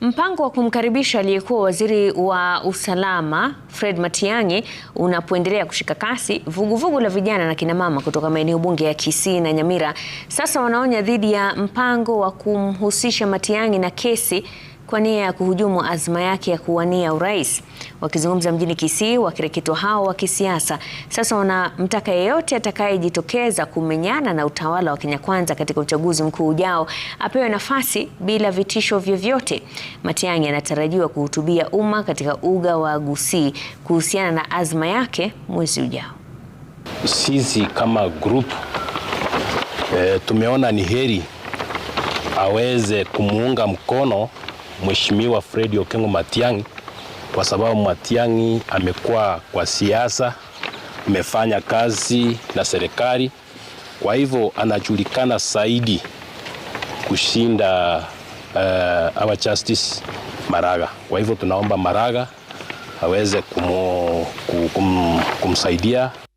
Mpango wa kumkaribisha aliyekuwa waziri wa usalama Fred Matiang'i unapoendelea kushika kasi, vuguvugu vugu la vijana na kinamama kutoka maeneo bunge ya Kisii na Nyamira sasa wanaonya dhidi ya mpango wa kumhusisha Matiang'i na kesi kwa nia ya kuhujumu azma yake ya kuwania urais. Wakizungumza mjini Kisii, wakireketwa hao wa kisiasa sasa wanamtaka yeyote atakayejitokeza kumenyana na utawala wa Kenya Kwanza katika uchaguzi mkuu ujao apewe nafasi bila vitisho vyovyote. Matiang'i anatarajiwa kuhutubia umma katika uga wa Gusii kuhusiana na azma yake mwezi ujao. Sisi kama grupu e, eh, tumeona ni heri aweze kumuunga mkono Mheshimiwa Fred Okengo Matiang'i kwa sababu Matiang'i amekuwa kwa siasa, amefanya kazi na serikali, kwa hivyo anajulikana zaidi kushinda uh, our Justice Maraga. Kwa hivyo tunaomba Maraga aweze kum, kum, kumsaidia.